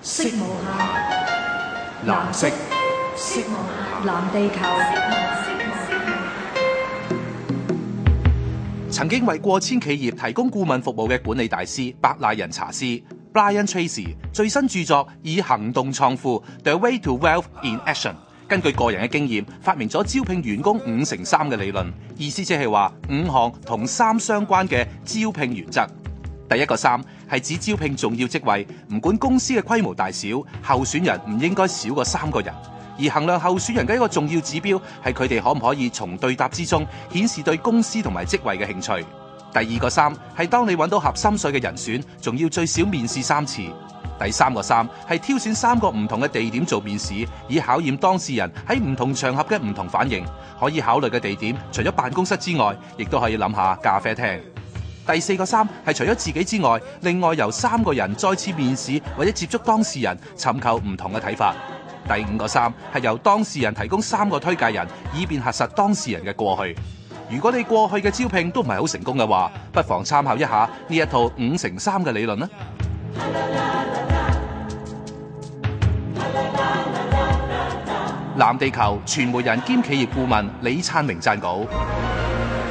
色無限，藍色。色無限，藍地球。曾經為過千企業提供顧問服務嘅管理大師白賴仁查斯 Brian Tracy） 最新著作《以行動創富：The Way to Wealth in Action》。根據個人嘅經驗，發明咗招聘員工五成三嘅理論，意思即係話五項同三相關嘅招聘原則。第一個三係指招聘重要職位，唔管公司嘅規模大小，候選人唔應該少過三個人。而衡量候選人嘅一個重要指標係佢哋可唔可以從對答之中顯示對公司同埋職位嘅興趣。第二個三係當你揾到合心水嘅人選，仲要最少面試三次。第三個三係挑選三個唔同嘅地點做面試，以考驗當事人喺唔同場合嘅唔同反應。可以考慮嘅地點除咗辦公室之外，亦都可以諗下咖啡廳。第四個三係除咗自己之外，另外由三個人再次面試或者接觸當事人，尋求唔同嘅睇法。第五個三係由當事人提供三個推介人，以便核實當事人嘅過去。如果你過去嘅招聘都唔係好成功嘅話，不妨參考一下呢一套五乘三嘅理論啦。藍地球傳媒人兼企業顧問李燦榮撰稿。